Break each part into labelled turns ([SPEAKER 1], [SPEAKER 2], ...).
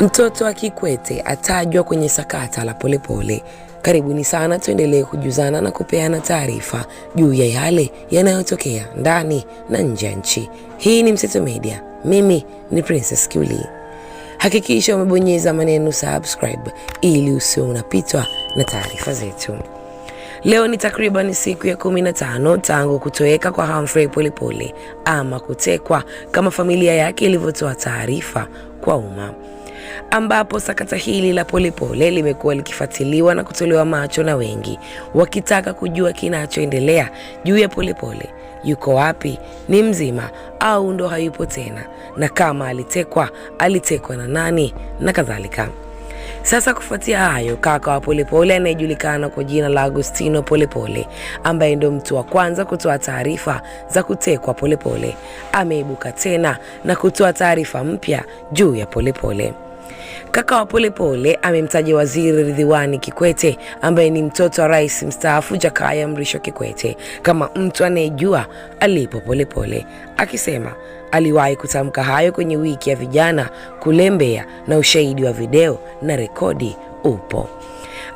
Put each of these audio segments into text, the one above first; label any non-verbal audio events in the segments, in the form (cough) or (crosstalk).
[SPEAKER 1] Mtoto wa Kikwete atajwa kwenye sakata la Polepole. Karibuni sana, tuendelee kujuzana na kupeana taarifa juu ya yale yanayotokea ndani na nje ya nchi. Hii ni Mseto Media, mimi ni Princess Kiuli. Hakikisha umebonyeza maneno subscribe ili usio unapitwa na taarifa zetu. Leo ni takriban siku ya 15 tangu kutoweka kwa Humphrey Polepole ama kutekwa kama familia yake ilivyotoa taarifa kwa umma, ambapo sakata hili la Polepole limekuwa likifuatiliwa na kutolewa macho na wengi wakitaka kujua kinachoendelea juu ya Polepole. Yuko wapi? Ni mzima au ndo hayupo tena? Na kama alitekwa, alitekwa na nani? Na kadhalika. Sasa kufuatia hayo, kaka wa Polepole anayejulikana kwa jina la Agustino Polepole ambaye ndio mtu wa kwanza kutoa taarifa za kutekwa Polepole ameibuka tena na kutoa taarifa mpya juu ya Polepole. Kaka wa Polepole amemtaja Waziri Ridhiwani Kikwete ambaye ni mtoto wa rais mstaafu Jakaya Mrisho Kikwete kama mtu anayejua alipo Polepole, akisema aliwahi kutamka hayo kwenye wiki ya vijana kule Mbeya, na ushahidi wa video na rekodi upo.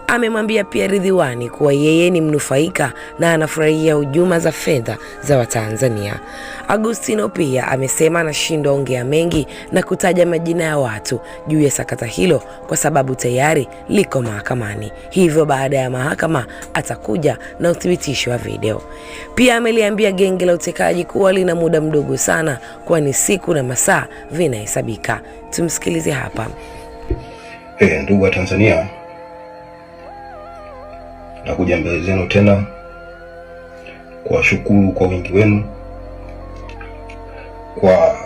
[SPEAKER 1] Amemwambia pia Ridhiwani kuwa yeye ni mnufaika na anafurahia hujuma za fedha za Watanzania. Agustino pia amesema anashindwa ongea mengi na kutaja majina ya watu juu ya sakata hilo kwa sababu tayari liko mahakamani, hivyo baada ya mahakama atakuja na uthibitisho wa video. Pia ameliambia genge la utekaji kuwa lina muda mdogo sana, kwani siku na masaa vinahesabika. Tumsikilize hapa.
[SPEAKER 2] Hey, eh, ndugu wa Tanzania na kuja mbele zenu tena kuwashukuru kwa wingi wenu, kwa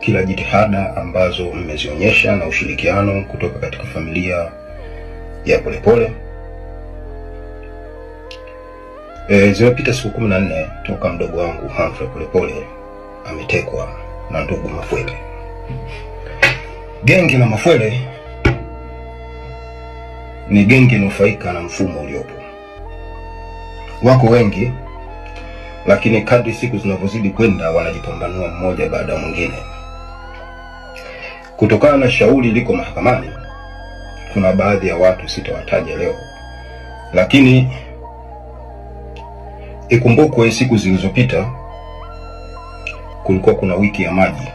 [SPEAKER 2] kila jitihada ambazo mmezionyesha na ushirikiano kutoka katika familia ya Polepole. E, zimepita siku kumi na nne toka mdogo wangu Humphrey Polepole ametekwa na ndugu Mafwele. Genge la Mafwele ni genge nufaika na mfumo uliopo wako wengi, lakini kadri siku zinavyozidi kwenda wanajipambanua mmoja baada ya mwingine. Kutokana na shauri liko mahakamani, kuna baadhi ya watu sitawataja leo, lakini ikumbukwe, siku zilizopita kulikuwa kuna wiki ya maji,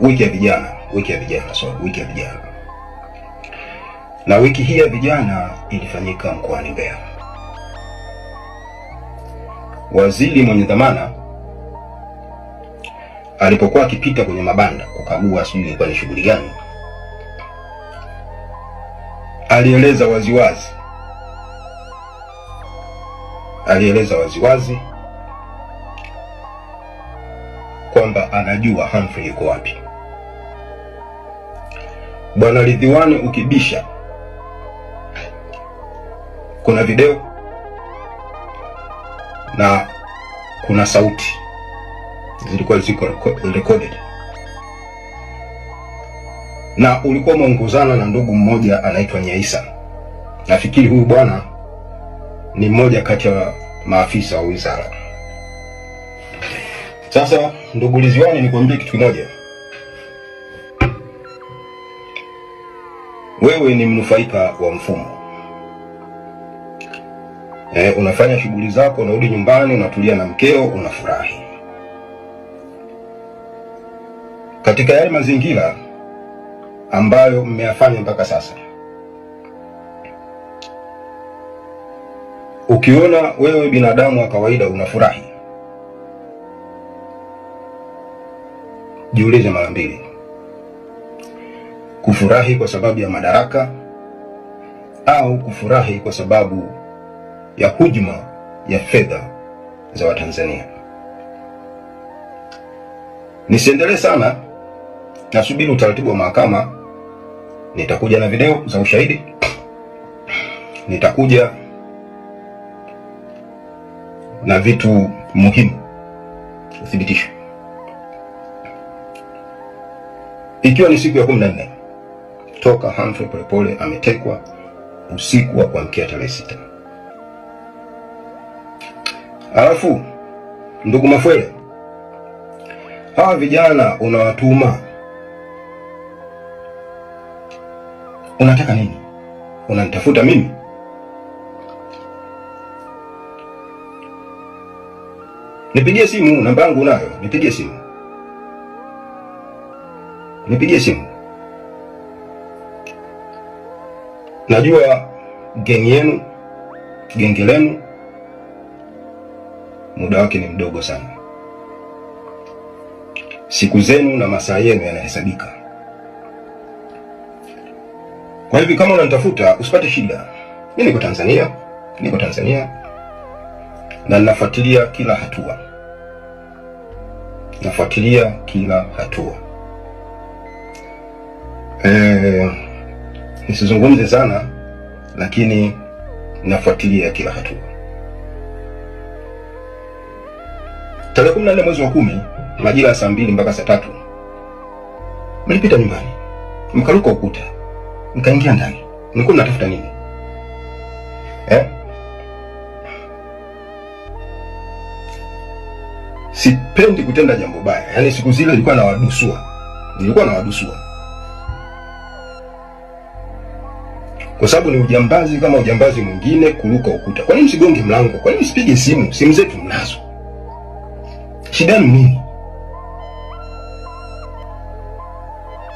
[SPEAKER 2] wiki ya vijana, wiki ya vijana, so wiki ya vijana, na wiki hii ya vijana ilifanyika mkoani Mbeya. Waziri mwenye dhamana alipokuwa akipita kwenye mabanda kukagua, sijui ilikuwa ni shughuli gani, alieleza waziwazi alieleza waziwazi kwamba anajua Humphrey yuko wapi. Bwana Ridhiwani, ukibisha kuna video na kuna sauti zilikuwa ziko recorded, na ulikuwa umeongozana na ndugu mmoja anaitwa Nyaisa. Nafikiri huyu bwana ni mmoja kati ya maafisa wa wizara. Sasa ndugu Liziwani, nikwambie kitu kimoja, wewe ni mnufaika wa mfumo eh, unafanya shughuli zako, unarudi nyumbani, unatulia na mkeo, unafurahi. Katika yale mazingira ambayo mmeyafanya mpaka sasa, ukiona wewe binadamu wa kawaida unafurahi, jiulize mara mbili. Kufurahi kwa sababu ya madaraka au kufurahi kwa sababu ya hujuma ya fedha za Watanzania. Nisiendelee sana, nasubiri utaratibu wa mahakama. Nitakuja na video za ushahidi, nitakuja na vitu muhimu uthibitisho. Ikiwa ni siku ya kumi na nne toka Humphrey Polepole ametekwa usiku wa kuamkia tarehe sita. Alafu ndugu Mafwele, hawa vijana unawatuma, unataka nini? Unanitafuta mimi? Nipigie simu, namba yangu unayo, nipigie simu, nipigie simu. Najua gengi yenu, genge lenu muda wake ni mdogo sana. Siku zenu na masaa yenu yanahesabika. Kwa hivyo kama unanitafuta usipate shida, mimi niko Tanzania, niko Tanzania na ninafuatilia kila hatua, nafuatilia kila hatua. E, nisizungumze sana, lakini nafuatilia kila hatua. Tarehe nne mwezi wa kumi majira ya saa mbili mpaka saa tatu mlipita nyumbani mkaruka ukuta mkaingia ndani. Mlikuwa mnatafuta nini eh? Sipendi kutenda jambo baya, yaani siku zile nilikuwa nawadusua, nilikuwa nawadusua kwa sababu ni ujambazi kama ujambazi mwingine kuruka ukuta. Kwa nini msigonge mlango? Kwa nini msipige simu? Simu zetu mnazo. She ni nini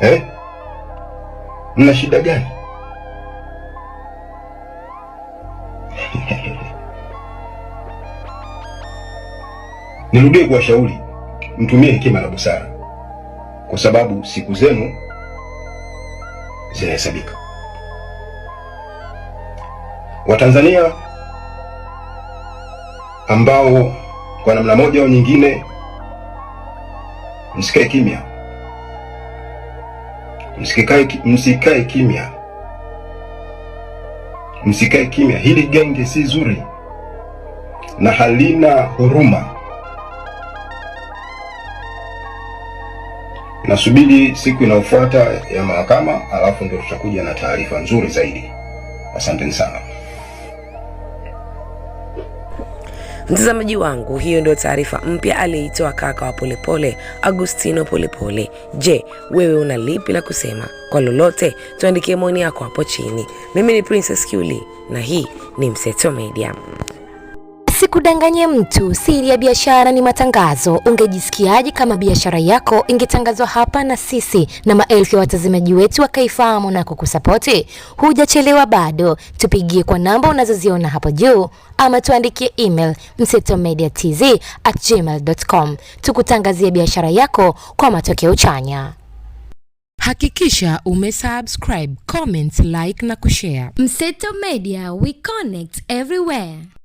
[SPEAKER 2] eh? Mna shida gani? (laughs) Nirudie kuwashauri mtumie hekima na busara, kwa sababu siku zenu zinahesabika. Watanzania ambao kwa namna moja au nyingine msikae kimya, msikae kimya, msikae kimya. Hili genge si zuri na halina huruma. Nasubiri siku inayofuata ya mahakama, alafu ndio tutakuja na taarifa nzuri zaidi. Asanteni sana.
[SPEAKER 1] Mtazamaji wangu, hiyo ndio taarifa mpya aliyeitoa kaka wa Polepole Agustino Polepole. Je, wewe una lipi la kusema? Kwa lolote tuandikie maoni yako hapo chini. Mimi ni Princess Kiuli na hii ni Mseto Media.
[SPEAKER 3] Usikudanganye mtu, siri ya biashara ni matangazo. Ungejisikiaje kama biashara yako ingetangazwa hapa na sisi na maelfu ya watazamaji wetu wakaifahamu na kukusapoti? Hujachelewa bado, tupigie kwa namba unazoziona hapo juu ama tuandikie email msetomediatz@gmail.com tukutangazie biashara yako kwa matokeo chanya.
[SPEAKER 1] Hakikisha umesubscribe, comment, like na kushare.
[SPEAKER 4] Mseto Media, we connect everywhere.